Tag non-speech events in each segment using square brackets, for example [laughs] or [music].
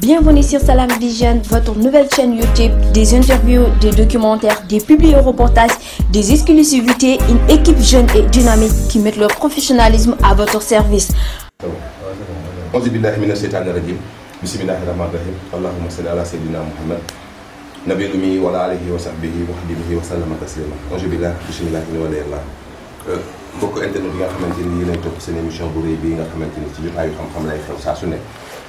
Bienvenue sur Salam Vision, votre nouvelle chaîne YouTube, des interviews, des documentaires, des publi-reportages, des exclusivités, une équipe jeune et dynamique qui met leur professionnalisme à votre service. Auzu billahi mina shaytaani rajim, bismillahi rahmaani rahim, allahumma salli ala sayyidina Muhammad nabil ummi wa ala alihi wa sahbihi wa xadimihi wa sallama taslima. Auzu billahi bismillahi la euh, mbokk internet yi nga xamante ni yi lañ topp seen émission bu rëy bii nga xamante ni ci jotaayu xam-xam lay xew saa su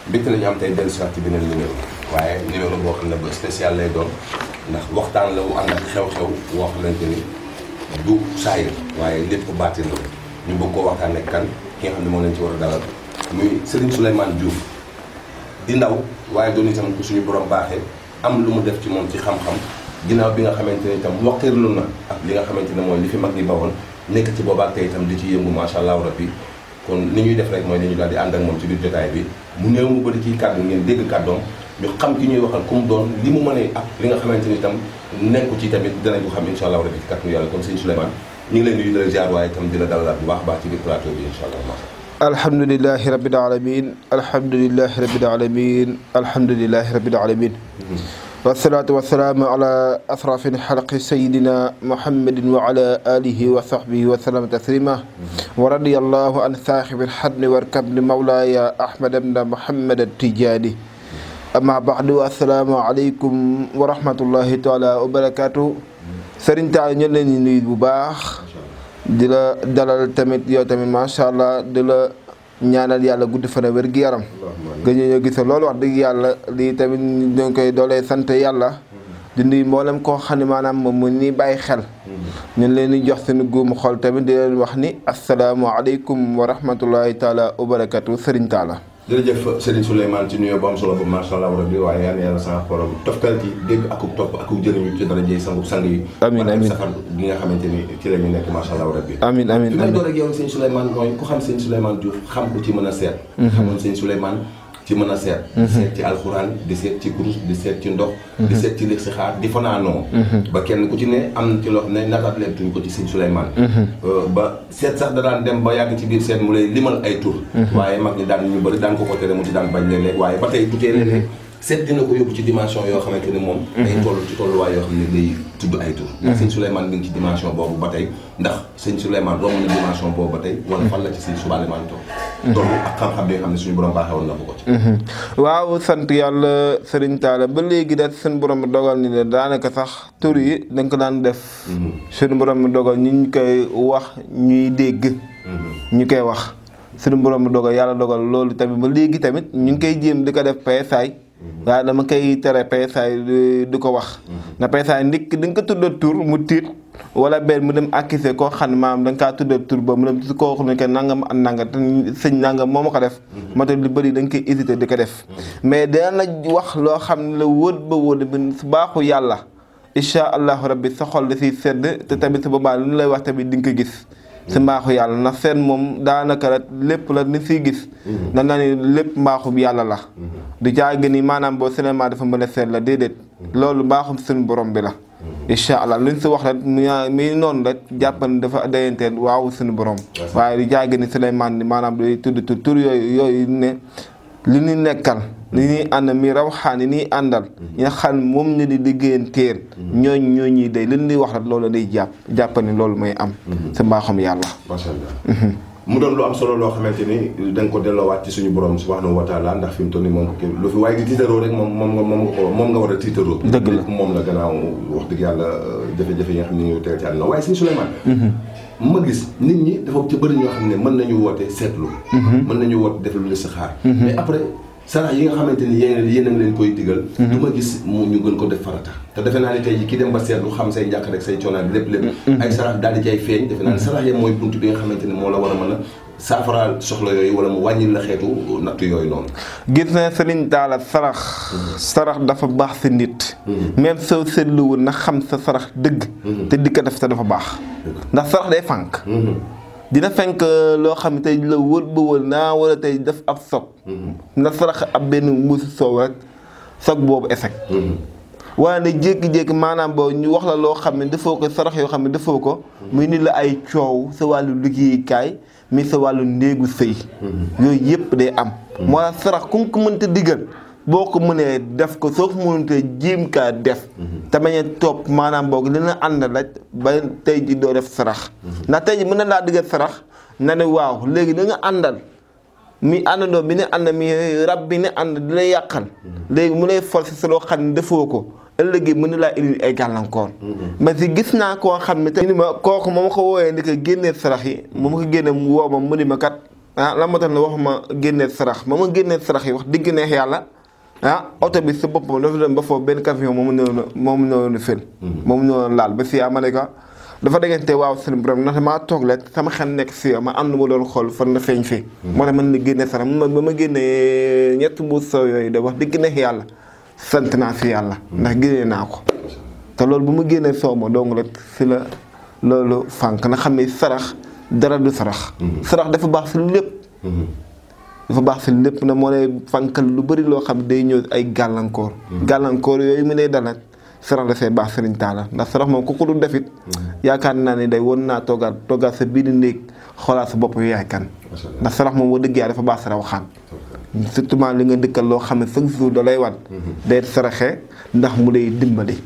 mbégte nañu am tey dellu si waat ci beneen numéro waaye numéro boo xam ne bu spécial lay doon ndax waxtaan la wu ànd ak xew-xew woo xamante ni du saayir waaye lépp baatin la ñu bëgg koo waxtaan ak kan ki nga xam ne moo leen ci war a dalal muy Serigne Souleymane Diouf di ndaw waaye doon itam ku suñu borom baaxee am lu mu def ci moom ci xam-xam ginnaaw bi nga xamante ni itam lu na ak li nga xamante ne mooy li fi mag ñi bawoon nekk ci boobaat tey itam di ci yëngu macha allah rabbi kon li ñuy def rek mooy dañu daal di ànd ak moom ci biir jotaay bi mu néew mu bëri ci kàddu ngeen dégg kàddoom ñu xam ki ñuy waxal ku mu doon li mu mënee ak li nga xamante ni itam nekku ci tamit danañ ko xam insha allah rabi ci kàttanu yàlla kon sëñ Souleymane ñu ngi lay nuyu di la ziar waaye itam di la dalalaat bu baax baax ci biir plateau bi insha allah alhamdulilahi rabil alamin alhamdulilahi rabil alamin alhamdulilahi rabil alamin mm-hmm. wasalaatu wasalaamu ala asrafil xalqi sayidina muhammadin wa ala alihi wa sahbihi wa salama taslima wa radiyallahu an saaxibil xadni war kabni mawlaaya ahmad abna muhammad tijaani amma baxdu asalaamu aleykum wa rahmatullahi taala wa barakaatu sëriñ taal ñu leen di nuyu bu baax di la dalal tamit yow tamit macha allah di la ñaanal yàlla gudd fan a wér gi yaram gën ñoo gisa loolu wax dëgg yàlla lii tamit ñu koy doole sant yàlla di nuyu mboolem koo xam ne maanaam moom mu ni bàyyi xel mm-hmm. ñu leen di jox seen guumu xool tamit di wax ni asalaamaaleykum wa rahmatullahi taala wa barakatu sëriñ taala jërëjëf Serigne Souleymane ci nuyoo bu am solo bu macha allah rabbi waaye yal na yàlla sax borom toftal ci dégg akub topp akub jëriñu ci dara jëy sangub sang yi. amiin amiin bi nga xamante ni ci la ñu nekk macha allah rabbi. amiin amiin amiin may door ak yow Serigne Souleymane mooy ku xam Serigne Souleymane Diouf xam ku ci mën a seet. Mhm. xamoon Serigne Souleymane. ci mën a seet mhm. seet ci alxuraan di seet ci kurus di seet ci ndox di mhm. seet ci listixaar di fanaanoo mhm. ba kenn ku ci ne am na ci loo xam ne natatleen tuñ ko ci sëñ Souleymane euh, ba seet sax da daan dem ba yàgg ci biir seet mu lay limal ay tur waaye mag ñi daan ñu bëri daan ko ko tere mu ci daan bañ léeg-léeg waaye ba tey du tee léeg seet dina ko yóbbu ci dimension yoo xamante ne moom mhm. day toll ci tolluwaay yoo xam ne day tudd ay tur ndax mhm. sëñ Souleymane ci dimension boobu ba tey ndax sëñ Souleymane romb na dimension boobu ba tey wala fan la ci sëñ mhm. waaw sant yàlla sëriñ Talla ba léegi daal suñu borom dogal ni ne daanaka sax tur yi da ko daan def suñu borom dogal ñu ñu koy wax ñuy dégg ñu koy wax suñu borom dogal yàlla dogal loolu tamit ba léegi tamit ñu ngi koy jéem di ko def psaay Mhm. waaye dama koy tere peesaay du ko wax mhm. na peesaay ndik da nga ko tudda tur mu tiit wala benn mu dem accusé koo xam ne maam da nga kaa tudda tur ba mu dem si koo xam ne que nangam ak nangam te sëñ nangam moo ma ko def mhm. moo tax lu bëri danga nga koy hésité di ko def mais dina la wax loo xam ne la wóot ba wóot bi su baaxu yàlla incha allahu rabbi sa xol da siy sedd te tamit su boobaa lu lay wax tamit di nga ko gis si mbaaxu yàlla ndax seen moom daanaka la lépp la ni siy gis mhm. da na ni lépp mbaaxu yàlla la mhm. du jaag ni maanaam boo cinéma dafa mën a seet la déedéet mhm. loolu mbaaxum suñu borom bi la incha allah luñ si wax rek mi noonu rek jàppan dafa dayanteel waaw suñu borom waaye du jaag ni Souleymane ni maanaam day tudd tur yooyu yooyu ne li ñu nekkal li ñuy ànd mi raw xaan yi ñuy àndal mm-hmm. ñi nga xam moom mm-hmm. ne di liggéeyanteen ñooñ ñoo ñuy day leen di wax rat loolu day jàpp jàppani loolu mooy am mm-hmm. sa mbaaxam yàlla macha allah mu doon lu am solo loo xamante ni da nga ko delloowaat ci suñu borom subhanahu wa taala ndax fi mu toll nii moom fi waaye di tiitaroo rek moom moom nga moom nga ko moom nga war a tiitaroo dëgg la moom la gannaaw wax dëgg yàlla euh, jafe-jafe yi nga xam ne ñu teel ci àdduna waaye suñu Souleymane ma gis nit ñi dafa ci bëri ñoo xam ne mën nañu woote seetlu mën nañu woote def lu li si xaar mais après sarax yi nga xamante ni yéen yéen a ngi leen koy digal mhm. du ma gis ñu gën ko def farata te defe naa ni tey ji ki dem ba seetlu xam say njàkk rek say coonaan lépp lépp mhm. ay sarax daal di cay feeñ defe naa ni mhm. sarax ya mooy bunt bi nga xamante ni la war a mën a soxla yooyu wala mu wàññil la xeetu nattu yooyu noonu gis na sëriñ daala sarax sarax dafa baax si nit même soo seetluwul na xam sa sarax dëgg te di ko def te dafa baax ndax sarax day fànk dina fenk euh, loo xam ne tey la wër ba wër naa wala tey def ab soog. Mm-hmm. na sarax ab benn mbuus soow rek soog boobu échec. Mm-hmm. waaye ne jékki-jékki maanaam boo ñu wax la loo xam ne defoo ko sarax yoo xam ne defoo ko. Mm-hmm. muy ni la ay coow sa wàllu liggéeyukaay mi sa wàllu ndéegu sëy. yooyu yëpp day am. moo tax sarax ku ko mënta digal. boo ko mënee def ko soo ko mënutee jiim kaa def. Mhm. te bañ a topp maanaam boog dina ànd la ba tey ji doo def sarax. Mhm. ndax tey ji mën na laa diggal sarax na ne waaw léegi da nga àndal. mi àndandoo bi ne ànd mi rab bi ne ànd di lay yàqal mhm. léegi mu lay forcé sa loo xam ne defoo ko ëllëgee mën na laa indil ay gàllankoor mais si gis naa koo xam ne te ni ma kooku moo ma ko wooyee ni ko génnee sarax yi ma ma ko génne mu woo ma mu ma kat ah la ma tax ne waxuma génnee sarax ma ma génnee sarax yi wax digg yàlla ah oto bi sa boppam dafa dem ba foofu benn camion moom noonu moom noonu fël mhm. moom noonu laal ba si ma ne dafa déggante waaw seen borom ndax maa toog la sama xel nekk si ma am na ma doon xool fan la feeñ fii mhm. moo tax mën na génne sax man ba ma génnee ñett mbuus sow yooyu da wax dëgg yàlla sant naa si yàlla mhm. ndax génnee naa ko te loolu bu ma génnee soow ma dong la si la loolu fànk na xam ne sarax dara du sarax sarax dafa baax si lépp dafa baax si lépp na moo lay fànkal lu bëri loo xam day ñëw ay gàllankoor. Mm-hmm. gàllankoor yooyu mu lay dalal sarax dafay baax sëriñ taala ndax sarax moom ku ko dul defit mm-hmm. yaakaar naa ne day woon naa toogaat toogaat sa biir néeg xoolaat sa bopp yu yaay kan. ndax sarax moom boo dëgg yaa dafa baax sarax waxaan. surtout li nga dëkkal loo xam ne chaque jour da lay wan. Mm-hmm. day saraxee ndax mu lay dimbali.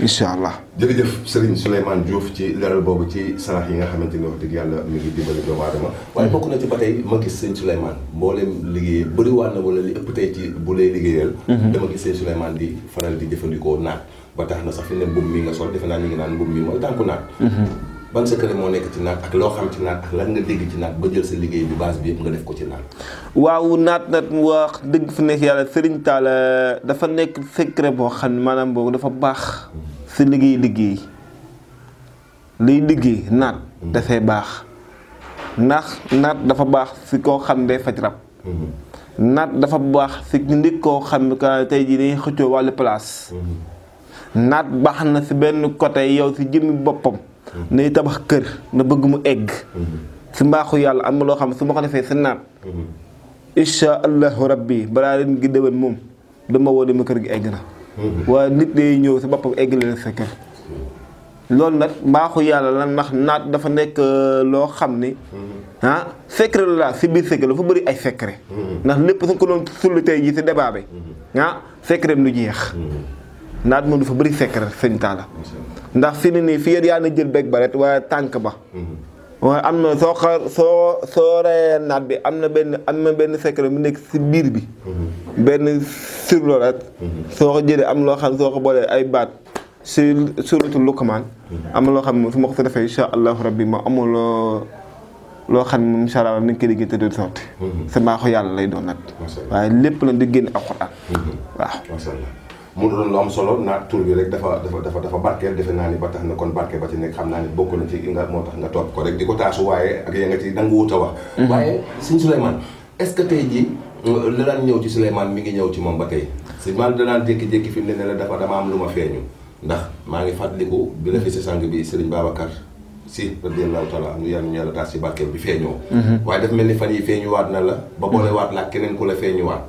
incha allah jërëjëf Serigne Souleymane Diouf ci leral boobu ci sarax yi nga xamante ni wax dëgg yàlla mi ngi dimbali doomu aadama waaye bokk na ci ba tey ma gis sëñ Souleymane mboolem liggéey bëri waat na wala li ëpp tey ci bu lay liggéeyal mhm. dama gis sëñ Souleymane di faral di jëfandikoo naat ba tax na sax fi ne mbubb mi nga sol defe naa ñu ngi naan mbubb mi mooy tànku naat mhm. ban secret moo nekk ci naat ak loo xam ci naat ak lan nga dégg ci naat ba jël sa liggéey bi base bi yëpp nga def ko ci naat waaw naat nag wax dëgg sa liggéey liggéey liy liggéey naat dafay baax ndax naat dafa baax si koo xam day faj rab mm-hmm. naat dafa baax si nit koo xam tey jii dañuy xëccoo wàll place mm-hmm. naat baax na si benn côté yow ci jëmmi boppam mm-hmm. nay tabax kër na bëgg mu egg si mbaaxu yàlla am na loo xam su ma ko defee si naat incha allahu rabbi balaa leen gi déwén moom dama woo ma kër gi egg na waaye nit day ñëw si boppam eggale sa kër loolu nag mbaaxu yàlla la ndax naat dafa nekk euh, loo xam ni ah secret la si biir secret dafa bari ay secret ndax lépp suñ ko doon sulli tey ji si débat bi ah secret lu jeex naat moom dafa bari secret sëñ Talla ndax fi ni nii fi yaa na jël beeg ba rek waaye tànk ba waaye am na soo xa soo soo reyee naat bi am na benn am na benn secret bu nekk si biir bi. Mm-hmm. benn sirlo rek. Mm-hmm. soo ko jëlee am loo xam soo ko boolee ay baat si suratu Luqmaan. Mm-hmm. am na loo xam ne su ma ko fa defee incha allahu rabbi ma amul loo loo xam ne incha allah nañ koy liggéey te du sotti. sa mbaaxu yàlla lay doon nag. waaye lépp la di génn ak Alxuraan waaw. mun doon lu am solo naat tur bi rek dafa dafa dafa barkeel defe naa ni ba tax na kon barke ba ci nekk xam naa ni bokk na ci nga moo tax nga topp ko mhm. euh, moom ba tey sëñ man danaan jékki-jékki fi mu ne ne la dafa dama am lu ma feeñu ndax maa ngi fàttaliku bi la fi si sang bi Serigne Babacar si radiyallahu taala am yàlla ñu yàlla taas ci barkeel bi feeñoo mhm. waaye daf mel ni fan yi feeñuwaat na la ba boolewaat la ak keneen ku la feeñuwaat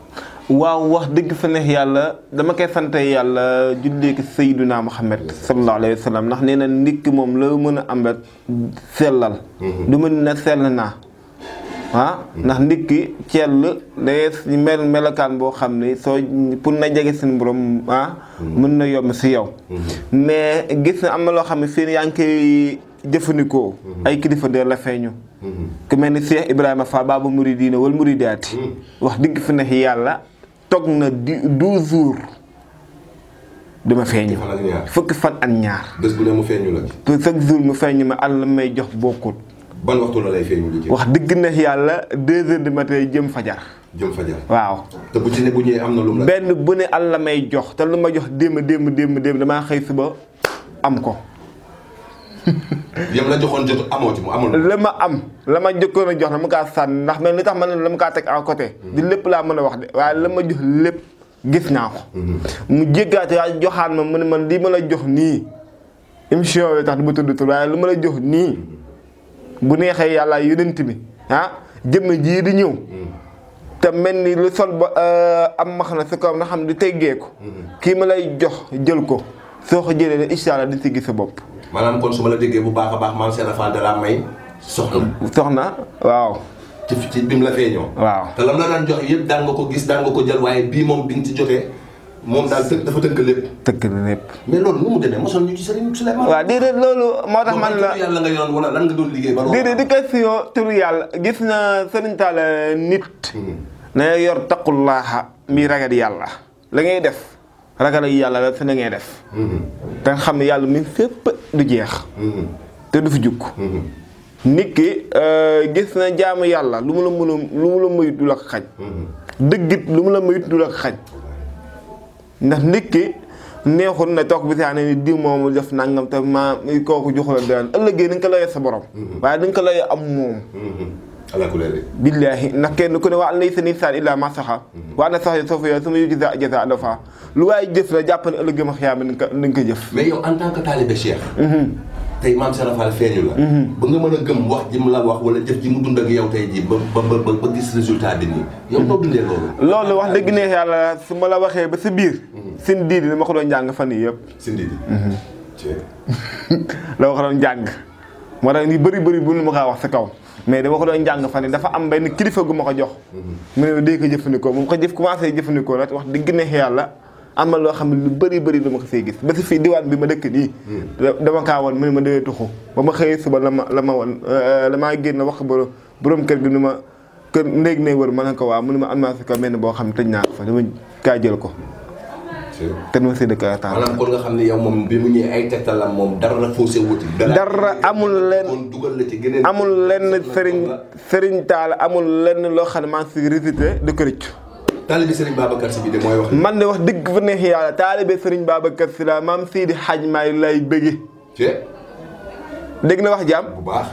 waaw wax dëgg fa yàlla dama koy sante yàlla jullee ko naa Muhammad sallallahu alayhi wa ndax nee ndikk moom la mën a am rek sellal mhm. du mën na sell naa ah ndax mhm. ndikki cell day mel melokaan boo xam ne soo pour na jege seen borom ah mhm. mën na yomb si yow mais gis na am na loo xam ne seen yaa ngi koy jëfandikoo ay kilifa de la feeñu ku mel ni Cheikh Ibrahima Fall Baaba Muridiina wal Muridaati wax dëgg fa yàlla toog na di douze jours dama feeñu fukki fan ak ñaar. bés bu ne mu feeñu la. te chaque jour mu feeñu ma àll may jox bokkut. ban waxtu la wax dëgg na yàlla deux heures du matin jëm fajar. jëm fajar waaw. te bu ci ne bu ñëwee am na lu benn bu ne àll may jox te lu ma jox démb démb démb démb damaa xëy suba am ko. [laughs] yam la joxoon jot amoo la ma am la ma jëkkoon a jox na mu kaa sànni ndax man li tax ma ne la ma kaa teg à côté. Mm-hmm. lépp laa mën a wax de waaye la lépp gis naa ko. Mm-hmm. mu jéggaate ma mu ne man lii ma la jox nii émission bi tax du lu ma la jox nii mm-hmm. bu neexee yàlla yonent bi ah, jëmm jii di ñëw. te mel ni lu sol ba euh, am max na si kawam nga xam di teggee ko. kii ma lay jox jël ko soo ko jëlee incha allah di si gis sa bopp. maanaam kon su ma la déggee bu baax a baax maam Serap Fall da laa may. soxna soxna waaw. ci ci bi mu la feeñoo. waaw te lam la daan jox yëpp daan nga ko gis daan nga ko jël waaye bii moom bi nga ci joxe moom daal dafa tënk lépp. tënk na lépp. mais loolu nu mu demee mosoon ñu ci Serigne Souleymane. waaw déedéet loolu moo tax man la yàlla nga wala lan nga doon liggéey ba. déedéet di question turu yàlla gis na Serigne Talla nit. Hmm. na yor taqullaaha mi ragal yàlla la ngay def. ragal yàlla la te ne ngay def. te mm-hmm. xam ne yàlla mi fépp du jeex. Mm-hmm. te du fi jug mm-hmm. nit ki euh, gis na jaamu yàlla lu mu la mën a lu mu la mayut du la ko xaj. dëggit lu mu la mayut du la ko xaj ndax nit ki neexul na toog bi saa ne diw moomu def nangam te maa kooku joxu la daan ëllëgee ni nga sa borom. waaye ni nga ko am moom. alaakuleel billaahi ndax kenn ku ne waa laysa lil insaani illaa ma saxaa. Mhm. waa na sax soo fa yow sama yujzaa jazaa alafaa lu waaye jëf la jàpp ne ëllëg ma xiyaama nañ ko nañ ko jëf. mais yow en tant que taalibe mhm. mhm. ba nga mën a gëm wax ji la wax wala jëf ji mu dund ak nii. yow noo dundee loolu. wax dëgg neex yàlla su ma la waxee ba sa biir. sin diidi dama ko doon jàng fan yii yëpp. sin diidi. [laughs] la ma ko doon jàng. moo tax ni bëri bëri bu ma kaa wax sa kaw mais dama ko doon jàng fan dafa am benn kilifa gu ma ko jox. mu ne ma dee ko jëfandikoo mu ko jëf commencé jëfandikoo nag wax dëgg neex yàlla am loo xam ne lu bëri bëri dama ko see gis ba fii diwaan bi ma dëkk nii. dama kaa woon mu ne ma dee tuxu ba ma xëyee suba la ma la ma woon euh, la maa génn wax borom borom kër gi nu ma kër néeg ne war ma ne ko waa mu ne ma am naa si ko mel boo xam ne tëj naa ko fa dama kaa jël ko. te ma séedee kër Talla. maanaam kon yow moom bi mu ñëwee ay tegtalam moom dara faussé wuti. dara amul lenn kon dugal la amul lenn Serigne Serigne Talla amul lenn loo xam ne maa si récité di ko rëcc. wax. man de wax dëgg fa neex yàlla taalibe Serigne Babacar si la maam Seydi Hadj Maay lay bëgge. dégg na wax jàmm bu baax.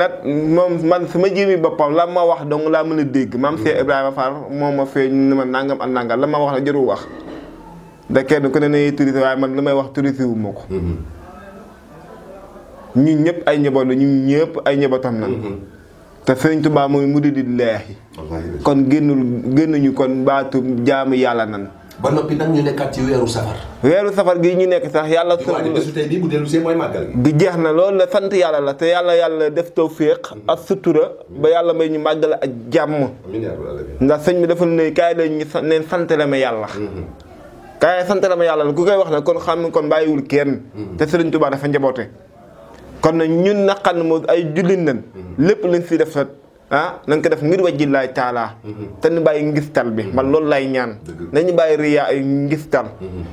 nag moom man su ma jëmi boppam la ma wax dong laa mën a dégg maam Cheikh a Fall moom ma feeñ ni ma nangam ak nangam la ma wax la jarul wax. da kenn ku ne nañuy turist waaye man lu may wax turist wu ma ko ñun ñëpp ay njaboot la ñun ñëpp ay njabootam na mm-hmm. te sëriñ Tuubaa mooy mu di di leexi kon génnul génnuñu kon baatu jaamu yàlla nan ba noppi nag ñu nekkaat ci weeru safar weeru safar gi ñu nekk sax yàlla su tey bii bu jeex na loolu la sant yàlla la te yàlla yàlla def tawféex ak mm-hmm. sutura ba yàlla may ñu màggal ak jàmm ndax sëñ bi dafa ne kaay la ñu neen sant la ma yàlla mm-hmm. kaay sant la ma yàlla la ku koy wax nag kon xam kon bàyyiwul kenn. Mm-hmm. te Sëriñ Tuubaa dafa njaboote. kon nag ñun naqan moo ay jullit nañ. Mm-hmm. lépp lañ si def sa ah nañ ko def ngir wajji laay taalaa. Mm-hmm. te ñu bàyyi ngistal bi man loolu lay ñaan. nañu bàyyi riyaa ay ngistal.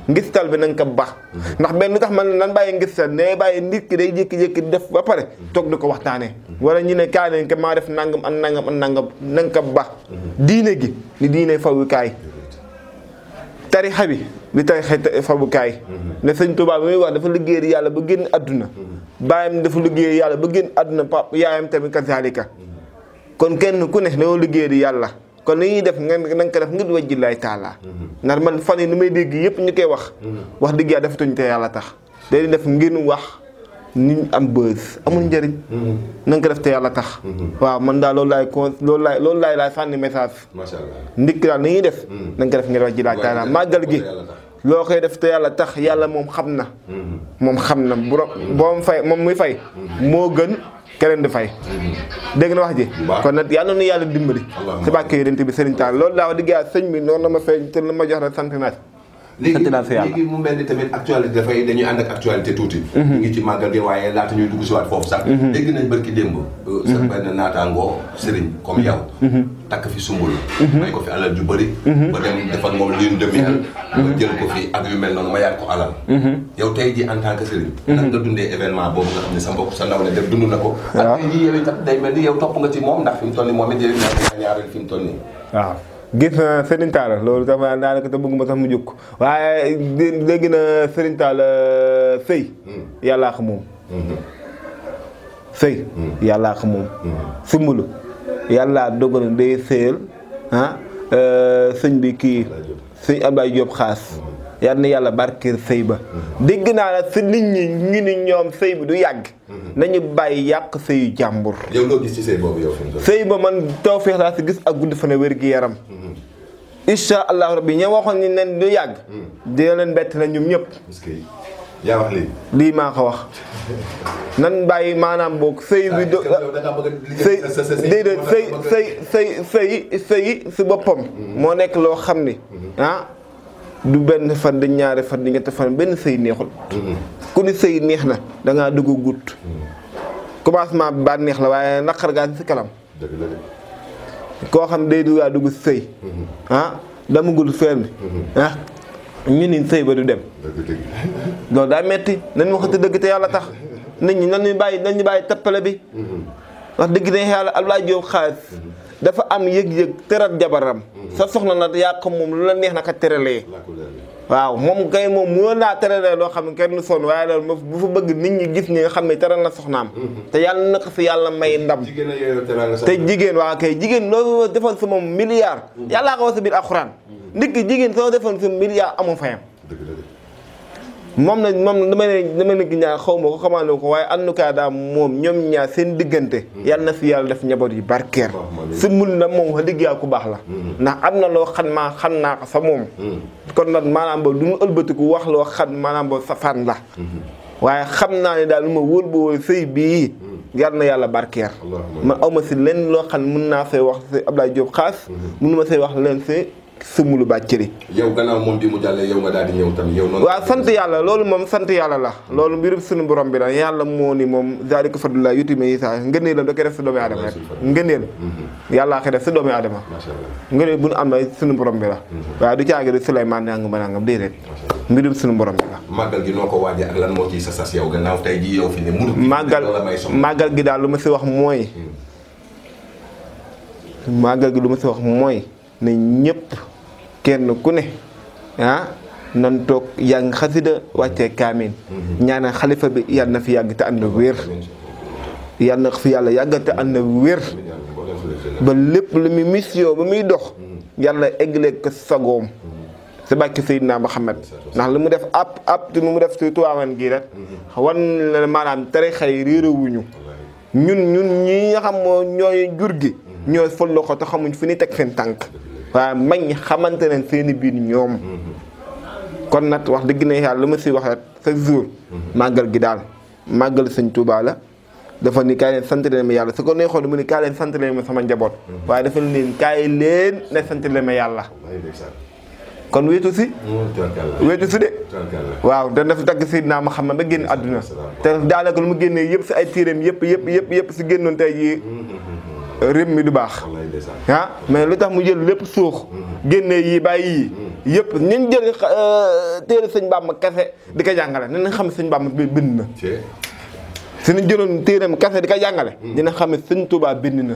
ngistal bi nañ ko baax. ndax benn tax man nan bàyyi ngistal ne bàyyi nit ki day jékki-jékki def ba pare toog di ko waxtaanee. wala ñu ne kaa nañ maa def nangam ak nangam ak nañ ko baax. diine gi ni diine fawukaay. tarixa bi di tarixa fabukaay ne sëñ Tuubaa bi muy wax dafa liggéeyal yàlla ba génn àdduna baayam dafa liggéeyal yàlla ba génn àdduna pap yaayam tamit kazalika kon kenn ku ne dañoo liggéeyal yàlla kon li ñuy def nga na ko def ngir wajji laay taalaa ndax man fan yi nu may dégg yëpp ñu koy wax mm-hmm. wax dëgg yàlla defatuñ te yàlla tax day def ngir wax ni am bës amul njëriñ. Mm-hmm. na nga ko def te yàlla tax. Mm-hmm. waaw man daal loolu laay con loolu laay loolu laay laay sànni message. macha allah ndikk daal ni ñuy def. Mm-hmm. na nga ko def ngir wax ji laa taala màggal gi. loo koy def te yàlla tax yàlla moom xam na. moom xam na bu boom fay moom muy fay. moo gën keneen di fay. dégg na wax ji. kon nag yal na nu yàlla dimbali. si bàkke yonent bi sëriñ Tall loolu laa wax dëgg yàlla sëñ bi noonu la ma fay te lu ma jox rek sant naa léegi mu mel ni tamit actualité dafay dañuy ànd ak actualité tuuti ñu mhm. ngi ci màggal gi waaye laata ñuy dugg si waat foofu sax mhm. dégg nañ bërki démb euh, mhm. sa benn naataangoo sëriñ comme yow takk nga dundee événement boobu nga xam ne sa mbokk sa ndaw la def dund na ko ah. ak tey ji yow itam day mel ni yow topp nga ci moom ndax fi toll nii moom it yow ñaareel fi toll nii ah. gis na Serigne loolu dafa daanaka te bëgguma sax mu jóg waaye léegi na Serigne Tall euh, sëy mm. yàllaa ko moom. Mm-hmm. sëy mm-hmm. yàllaa moom. Mm-hmm. sumbulu yàllaa dogal day sëyal ah, euh, sëñ bi kii sëñ Abdoulaye Diop xaas. yal yàlla barkeel sëy ba dégg naa la si nit ñi ñu ñoom sëy bi du yàgg nañu bàyyi yàq sëyu jàmbur sëy ba man tawfeex laa si gis ak gudd fan wér gi yaram mm-hmm. incha allahu rabbi ñoo waxoon ni nen du yàgg mm-hmm. dina leen bett na ñoom ñëpp yaa wax lii maa ko wax nan bàyyi maanaam boog sëy bi do ah, sëy déedéet sëy sëy sëy sëy sëy si boppam mm-hmm. moo nekk loo xam ni ah du benn fan di ñaari fan di ñetti fan benn sëy neexul. ku ni sëy neex na dangaa dugg gudd. commencement bi neex la waaye naqar gaa si kalam. koo xam day du daa dugg si sëy. Mm-hmm. ah damagul fenn. Mm-hmm. ah ñu ni sëy ba du dem. loolu daa metti nañ ma xati dëgg te yàlla tax mm-hmm. nit ñi nan ñu bàyyi nan ñu bàyyi tappale bi. wax dëgg ne yàlla Abdoulaye Diop xaalis. dafa am yëg-yëg tëral jabaram sa soxna na yaa comme moom lu la neex na naka tëralee waaw moom kay moom mu laa tëralee loo xam ne kenn soon sonn waaye loolu bu fa bëgg nit ñi gis ñi nga xam ne tëral na soxnaam mhm. te yàlla na ko fi yàlla may ndam te jigéen waa kay jigéen loolu defoon su moom milliard mhm. yàllaa ko wax sa biir alxuraan mhm. ndik jigéen soo defoon su milliard amu fayam moom na moom dama ne dama ne ñaar xaw ma ko xamaana ko waaye en tout cas daal moom ñoom ñaar seen diggante. Mm-hmm. yàlla fi yàlla def njaboot yi barkeer. su mul na moom dëgg yàlla ku baax la. Mm-hmm. ndax am na loo xam xam naa ko sa moom. Mm-hmm. kon nag maanaam ba du mu ëlbatiku wax loo xam maanaam ba la. waaye xam naa ne daal lu ma wóor ba wóor sëy bii. yar na yàlla barkeer man awma si lenn loo xam ne mën naa see wax si Abdoulaye Diop Khass. mënuma say wax leen si. sëmulu bàccëri yow gannaaw moom bi mu yow nga daal di ñëw tam sant yàlla loolu moom sant yàlla la loolu mbirum suñu borom bi la yàlla moo ni moom zaalika fadlullah yutime yi sa ngëneel la da koy def si yàllaa mm-hmm. koy def si doomu aadama ngëneel bu nu am na sunu borom bi la mm-hmm. waaw du caagi rek Souleymane nangam ba nangam déedéet mbirum sunu borom bi la màggal gi noo ko waajee ak lan moo ciy sa sas yow gannaaw tey ji màggal gi daal lu ma si wax mooy mm. màggal gi lu ma si wax mooy ne ñëpp kenn ku ne ah nan toog yàng xasida wàccee kaamin mhm. ñaanal xalifa bi yàlla na fi yàgg te ànd wér yàlla na fi yàlla yàgg te ànd wér ba lépp lu muy mission ba muy dox mhm. yàlla eggaleeg ko sagoom mhm. si bàkki Seydina Muhammad ndax lu mu def ab ab lu mu def si tuwaawan gii rek wan la maanaam tarixa yi réerewuñu ñun ñun ñi nga xam jur gi ñooy fël ko te xamuñ fu ñuy teg seen tànk waaye mañ xamante ne seeni biir ñoom kon nag wax dëgg ne yàlla lu ma si waxeet chaque jour màggal gi daal màggal sëñ Tuubaa la dafa ni kaay leen sant leen ma yàlla su ko neexoon mu ni kaay leen sant leen sama njaboot waaye dafa kaay sant ma yàlla kon wéetu si wéetu si de waaw da daf tagg Seydina ma ba génn àdduna te daanaka lu ma génnee yëpp si ay tiiram yëpp yëpp yëpp yëpp si génnoon te jii réew mi du baax ah mais lu tax mu jël lépp suux génne yi bàyyi yi yëpp ñu jël euh, téere sëñ Bàmba kese di ko jàngale nañ xam sëñ Bàmba bi bind na jëloon téeram kese di ko jàngale hmm. dina xam ne sëñ Tuubaa bind na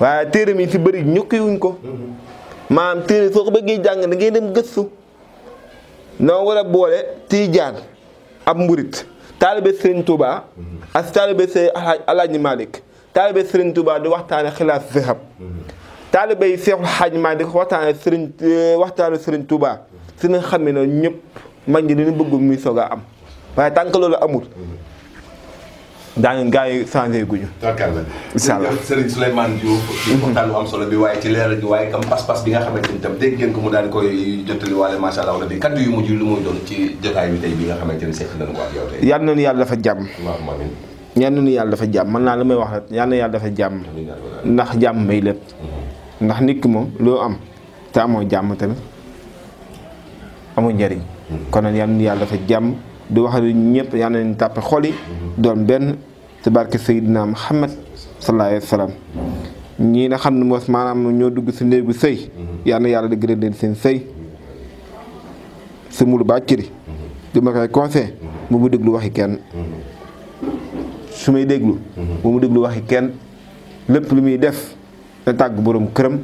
waaye téere yi si bëri ñukkiwuñ ko maanaam hmm. téere soo ko bëggee jàng da ngay dem gëstu noo war a boole tiijaan ab mburit taalibe sëñ Tuubaa hmm. ak taalibe sëñ Alaaji Malick taalibe Serigne Touba di waxtaane xilaas zahab taalibe yi Seexul Xaaj Maalik di ko waxtaane Serigne eh, waxtaane Serigne Touba si nga xam ne ñëpp mag ñi dañu bëgg muy soog am waaye tant que loolu amul daañu gaa yi changé guñu. incha allah Serigne Souleymane Diouf. ci mhm. waxtaan bu am solo bi waaye ci leeral gi waaye kam pas-pas bi nga xamante ni tam dégg ngeen ko mu daal di koy jottali waale macha allah rabbi kaddu yu mujj lu muy doon ci jotaay bi tey bi nga xamante ni seetlu nañu ko ak yow tey. yal na nu yàlla dafa jàmm. ñaan nañu yàlla dafa jàmm mën naa la may wax rek ñaan na yàlla dafa jàmm ndax jàmm may lépp ndax nit moom loo am te amoo jàmm tamit amoo njariñ kon nag yal na yàlla dafa jàmm du wax ne ñëpp yal nañu tàppe xol yi doon benn ci barke Seydina Muhammad sallallahu alayhi wa sallam ñii na xam ne moos maanaam ñoo dugg si néegu sëy yàlla yàlla di gërëm seen sëy si mulu bàcciri du ma koy conseil mu bu déglu waxi kenn su may déglu mhm. bu mu déglu waxi kenn lépp lu muy def na tàgg borom këram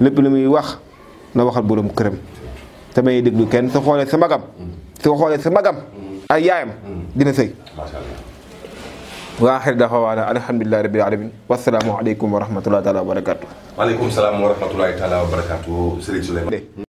lépp lu muy wax na waxal borom këram te may déglu kenn su xoolee sa magam su mhm. xoolee sa magam mhm. ak yaayam dina sëy waa xel a waana alhamdulilah rabbil alamin wasalaamu aleykum wa rahmatullahi taala wa barakatu waaleykum salaam wa rahmatullahi taala wa barakatu Sëriñ Souleymane